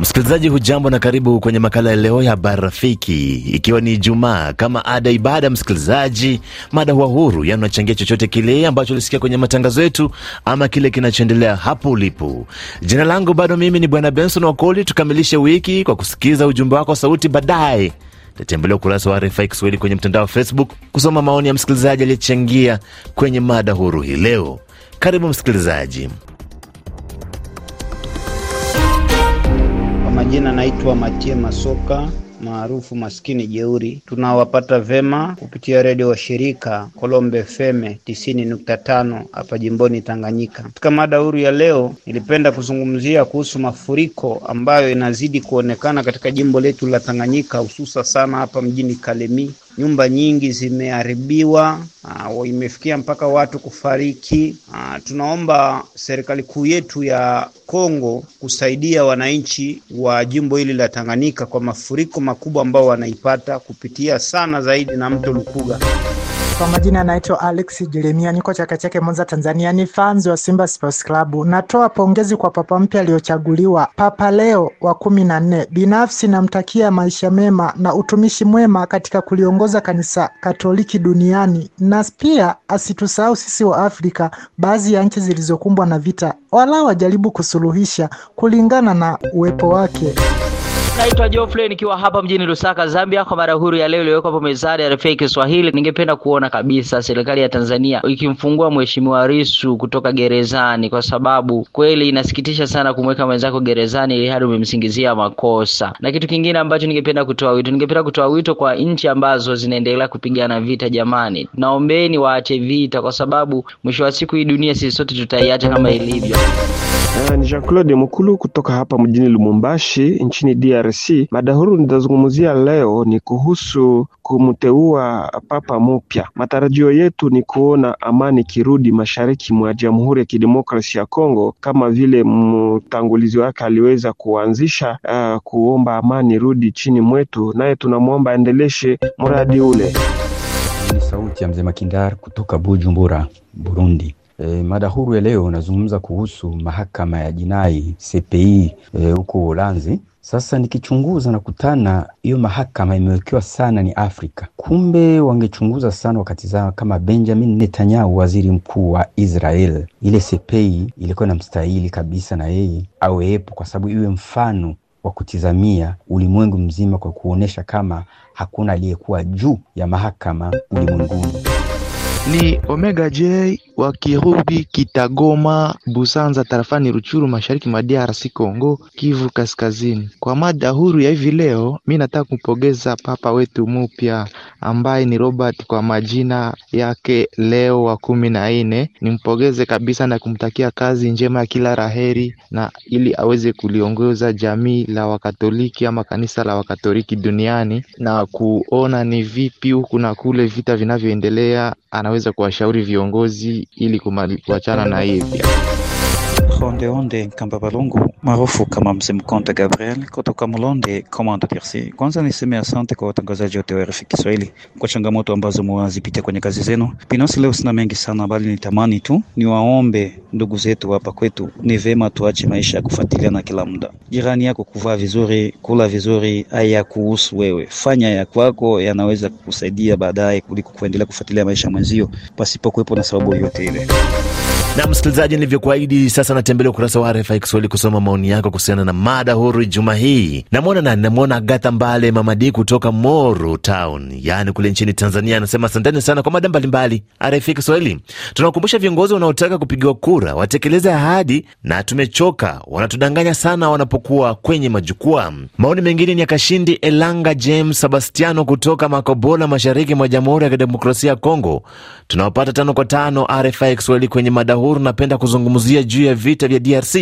Msikilizaji hujambo na karibu kwenye makala ya leo ya habari rafiki, ikiwa ni Ijumaa kama ada ibada. Msikilizaji, mada huwa huru, yani unachangia chochote kile ambacho ulisikia kwenye matangazo yetu ama kile kinachoendelea hapo ulipo. Jina langu bado mimi ni Bwana Benson Wakoli. Tukamilishe wiki kwa kusikiza ujumbe wako sauti. Baadaye tatembelea ukurasa wa RFI Kiswahili kwenye mtandao wa Facebook kusoma maoni ya msikilizaji aliyechangia kwenye mada huru hii leo. Karibu msikilizaji. Majina naitwa Matie Masoka maarufu maskini jeuri. Tunawapata vema kupitia redio wa shirika Kolombe Feme 95 hapa jimboni Tanganyika. Katika mada huru ya leo, nilipenda kuzungumzia kuhusu mafuriko ambayo inazidi kuonekana katika jimbo letu la Tanganyika, hususa sana hapa mjini Kalemi nyumba nyingi zimeharibiwa, uh, imefikia mpaka watu kufariki. Uh, tunaomba serikali kuu yetu ya Kongo kusaidia wananchi wa jimbo hili la Tanganyika kwa mafuriko makubwa ambao wanaipata kupitia sana zaidi na mto Lukuga. Kwa majina anaitwa Alex Jeremia, niko Chake Chake, Mwanza, Tanzania. Ni fans wa Simba Sports Club. Natoa pongezi kwa papa mpya aliyochaguliwa, Papa Leo wa kumi na nne. Binafsi namtakia maisha mema na utumishi mwema katika kuliongoza kanisa Katoliki duniani, na pia asitusahau sisi wa Afrika, baadhi ya nchi zilizokumbwa na vita, wala wajaribu kusuluhisha kulingana na uwepo wake. Naitwa Geoffrey nikiwa hapa mjini Lusaka, Zambia, kwa mara huru ya leo iliyowekwa hapo mezani ya RFA Kiswahili. Ningependa kuona kabisa serikali ya Tanzania ikimfungua Mheshimiwa Lissu kutoka gerezani, kwa sababu kweli inasikitisha sana kumweka mwenzako gerezani ili hadi umemsingizia makosa. Na kitu kingine ambacho ningependa kutoa wito, ningependa kutoa wito kwa nchi ambazo zinaendelea kupigana vita. Jamani, naombeni waache vita, kwa sababu mwisho wa siku hii dunia sisi sote tutaiacha kama ilivyo. Uh, ni Jean-Claude Mukulu kutoka hapa mjini Lumumbashi nchini DRC. Mada huru nitazungumzia leo ni kuhusu kumteua papa mpya. Matarajio yetu ni kuona amani kirudi mashariki mwa Jamhuri ya Kidemokrasia ya Kongo kama vile mtangulizi wake aliweza kuanzisha uh, kuomba amani rudi chini mwetu, naye tunamwomba aendeleshe mradi ule. Ni sauti ya mzee Makindar kutoka Bujumbura, Burundi. E, mada huru ya leo nazungumza kuhusu mahakama ya jinai CPI e, e, huko e, Uholanzi. Sasa nikichunguza nakutana hiyo mahakama imewekewa sana ni Afrika. Kumbe wangechunguza sana wakati zao kama Benjamin Netanyahu, waziri mkuu wa Israel, ile CPI e ilikuwa mstahili kabisa na yeye aweepo, kwa sababu iwe mfano wa kutizamia ulimwengu mzima kwa kuonyesha kama hakuna aliyekuwa juu ya mahakama ulimwenguni. Ni Omega J wa Kirubi, Kitagoma, Busanza, tarafani Ruchuru, mashariki mwa DRC Congo, Kivu Kaskazini. Kwa mada huru ya hivi leo, mi nataka kumpongeza papa wetu mupya ambaye ni Robert kwa majina yake leo wa kumi na nne, nimpongeze kabisa na kumtakia kazi njema ya kila raheri, na ili aweze kuliongoza jamii la Wakatoliki ama kanisa la Wakatoliki duniani na kuona ni vipi huku na kule vita vinavyoendelea, anaweza kuwashauri viongozi ili kuachana na hivi. Onde Nkamba Balungu maarufu kama Mzee Mkonte Gabriel kutoka Mlonde Komanda DRC. Kwanza niseme asante kwa watangazaji wote wa RFI Kiswahili kwa changamoto ambazo mwazipitia kwenye kazi zenu. Binafsi leo sina mengi sana, bali nitamani tu niwaombe ndugu zetu hapa kwetu, ni vema tuache maisha ya na kila muda. Jirani yako kuvaa vizuri, kula vizuri, haya kuhusu wewe, fanya ya kwako, yanaweza kukusaidia baadaye kuliko kuendelea kufuatilia maisha mwenzio pasipo na sababu yoyote ile. Na msikilizaji, nilivyokuahidi, sasa natembelea ukurasa wa RFI Kiswahili kusoma maoni yako kuhusiana na mada huru juma hii. Namwona nani? Namwona Agatha Mbale Mamadi kutoka Moru Town, yaani kule nchini Tanzania. Anasema asanteni sana kwa mada mbalimbali RFI Kiswahili. Tunawakumbusha viongozi wanaotaka kupigiwa kura watekeleze ahadi, na tumechoka, wanatudanganya sana wanapokuwa kwenye majukwaa. Maoni mengine ni ya Kashindi Elanga James Sebastiano kutoka Makobola, mashariki mwa Jamhuri ya Kidemokrasia ya Kongo. Tunawapata tano kwa tano RFI Kiswahili kwenye mada huru napenda kuzungumzia juu ya vita vya DRC.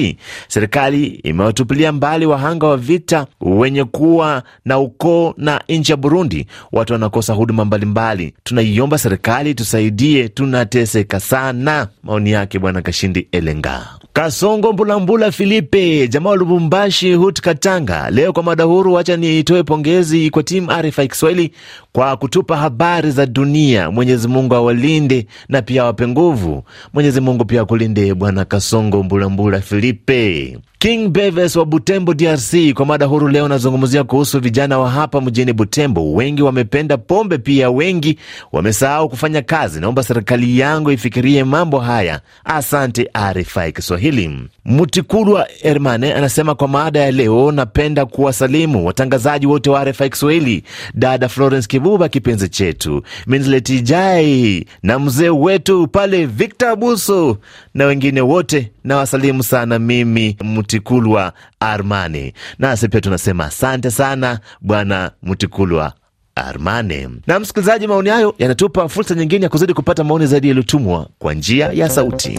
Serikali imewatupilia mbali wahanga wa vita wenye kuwa na ukoo na nchi ya Burundi, watu wanakosa huduma mbalimbali. Tunaiomba serikali tusaidie, tunateseka sana. Maoni yake Bwana Kashindi Elenga. Kasongo Mbulambula Filipe, jamaa wa Lubumbashi hut Katanga, leo kwa mada huru. Wacha nitoe pongezi kwa timu RFI Kiswahili kwa kutupa habari za dunia. Mwenyezi Mungu awalinde na pia awape nguvu. Mwenyezi Mungu pia akulinde Bwana Kasongo Mbulambula Filipe. King Beves wa Butembo, DRC, kwa mada huru leo nazungumzia kuhusu vijana wa hapa mjini Butembo. Wengi wamependa pombe, pia wengi wamesahau kufanya kazi. Naomba serikali yangu ifikirie mambo haya. Asante RFI Kiswahili hili. Mutikulwa Hermane anasema kwa maada ya leo, napenda kuwasalimu watangazaji wote wa RFI Kiswahili, dada Florence Kibuba, kipenzi chetu Minlet Jai na mzee wetu pale Victor Abuso na wengine wote, nawasalimu sana mimi Mutikulwa Armane. Nasi pia tunasema asante sana bwana Mutikulwa Armane. Na msikilizaji, maoni hayo yanatupa fursa nyingine ya kuzidi kupata maoni zaidi yaliyotumwa kwa njia ya sauti.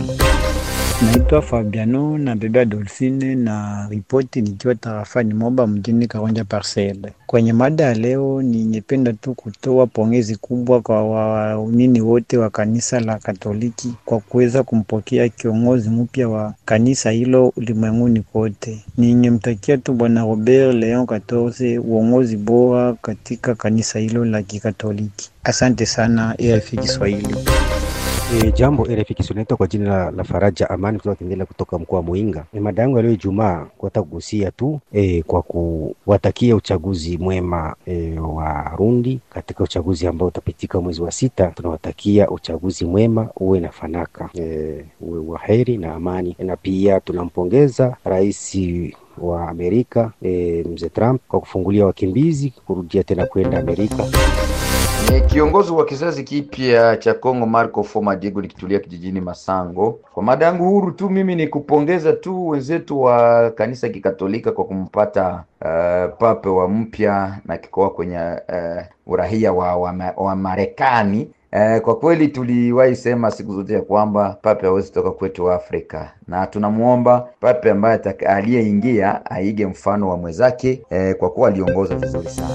Naitwa Fabiano na bebea Dolfine na ripoti nikiwa tarafani Moba mjini Karonja Parcele. Kwenye mada ya leo, ningependa tu kutoa pongezi kubwa kwa waumini wote wa kanisa la Katoliki kwa kuweza kumpokea kiongozi mpya wa kanisa hilo ulimwenguni kote. Ningemtakia tu Bwana Robert Leon Katose uongozi bora katika kanisa hilo la Kikatoliki. Asante sana, AFI Kiswahili. E, jambo RFI Kiswahili kwa jina la, la Faraja Amani kutoka Kindela kutoka mkoa wa Muinga. E, mada yangu leo Ijumaa kuata kugusia tu e, kwa kuwatakia uchaguzi mwema e, wa Rundi katika uchaguzi ambao utapitika mwezi wa sita. Tunawatakia uchaguzi mwema uwe na fanaka e, uwe wa heri na amani e, na pia tunampongeza rais wa Amerika e, mzee Trump kwa kufungulia wakimbizi kurudia tena kwenda Amerika. Eh, kiongozi wa kizazi kipya cha Kongo Marco Foma Diego, nikitulia kijijini Masango. Kwa mada yangu huru tu, mimi ni kupongeza tu wenzetu wa kanisa kikatolika kwa kumpata uh, pape wa mpya na kikoa kwenye uh, urahia wa, wa, wa Marekani. Eh, kwa kweli tuliwahi sema siku zote ya kwamba pape hawezi toka kwetu Afrika, na tunamuomba pape ambaye aliyeingia aige mfano wa mwenzake eh, kwa kuwa aliongoza vizuri sana.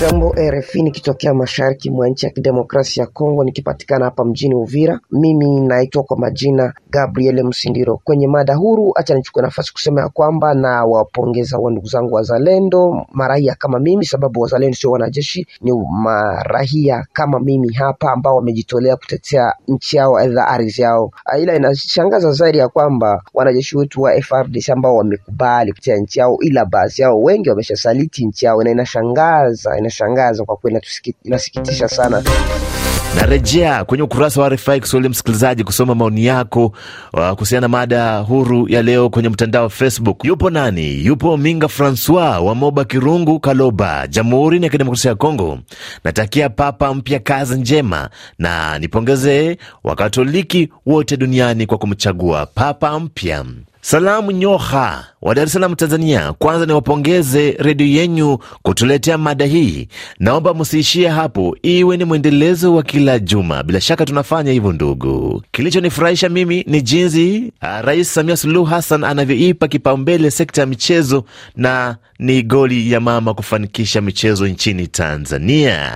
Jambo eh, RFI, nikitokea mashariki mwa nchi ya kidemokrasia ya Kongo, nikipatikana hapa mjini Uvira. Mimi naitwa kwa majina Gabriel Msindiro. Kwenye mada huru, hacha nichukue nafasi kusema ya kwamba na wapongeza wa ndugu zangu wazalendo, marahia kama mimi, sababu wazalendo sio wanajeshi, ni marahia kama mimi hapa ambao wamejitolea kutetea nchi yao, aidha ardhi yao. Ila inashangaza zaidi ya kwamba wanajeshi wetu wa frdc ambao wamekubali kutetea nchi yao, ila baadhi yao wengi wameshasaliti nchi yao, na inashangaza inashangaza kwa kweli, inasikitisha sana. Narejea kwenye ukurasa wa RFI Kiswahili, msikilizaji, kusoma maoni yako uh, kuhusiana na mada huru ya leo kwenye mtandao wa Facebook. Yupo nani? Yupo Minga Francois wa Moba Kirungu, Kaloba, Jamhuri ya Kidemokrasia ya Kongo. Natakia papa mpya kazi njema na nipongeze Wakatoliki wote duniani kwa kumchagua papa mpya. Salamu Nyoha wa Dar es Salaam, Tanzania. Kwanza niwapongeze redio yenyu kutuletea mada hii. Naomba msiishie hapo, iwe ni mwendelezo wa kila juma. Bila shaka tunafanya hivyo ndugu. Kilichonifurahisha mimi ni jinsi ah, Rais Samia Suluhu Hassan anavyoipa kipaumbele sekta ya michezo, na ni goli ya mama kufanikisha michezo nchini Tanzania.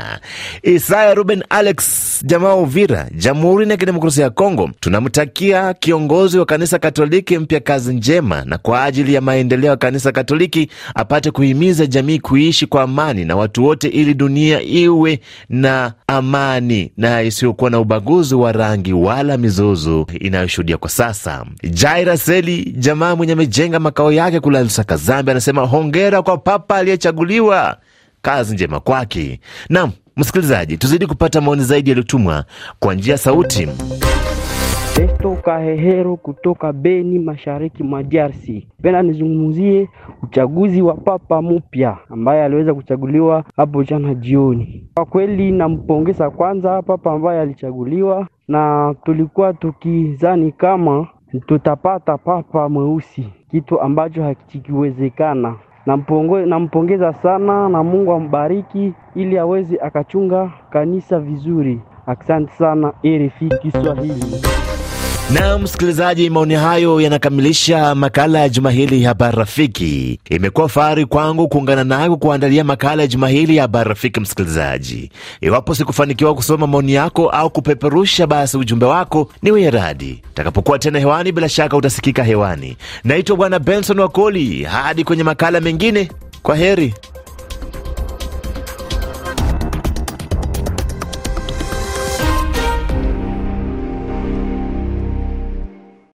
Isaya Ruben Alex, jamaa Uvira, Jamhuri ya Kidemokrasia ya Kongo, tunamtakia kiongozi wa kanisa Katoliki mpya kazi njema na kwa ajili ya maendeleo ya kanisa Katoliki, apate kuhimiza jamii kuishi kwa amani na watu wote, ili dunia iwe na amani na isiyokuwa na ubaguzi wa rangi wala mizozo inayoshuhudia kwa sasa. Jaira Seli, jamaa mwenye amejenga makao yake kula Lusaka, Zambia, anasema hongera kwa papa aliyechaguliwa, kazi njema kwake. nam msikilizaji, tuzidi kupata maoni zaidi yaliyotumwa kwa njia sauti. Festo Kahehero kutoka Beni, mashariki mwa DRC. Penda nizungumzie uchaguzi wa papa mpya ambaye aliweza kuchaguliwa hapo jana jioni. Kwa kweli nampongeza kwanza papa ambaye alichaguliwa, na tulikuwa tukizani kama tutapata papa mweusi, kitu ambacho hakikiwezekana. Nampongeza sana na Mungu ambariki ili aweze akachunga kanisa vizuri. Asante sana RFI Kiswahili. Na msikilizaji, maoni hayo yanakamilisha makala ya juma hili ya habari rafiki. Imekuwa fahari kwangu kuungana nako kuandalia makala ya juma hili ya habari rafiki. Msikilizaji, iwapo sikufanikiwa kusoma maoni yako au kupeperusha, basi ujumbe wako wenye radi takapokuwa tena hewani, bila shaka utasikika hewani. Naitwa Bwana Benson Wakoli, hadi kwenye makala mengine, kwa heri.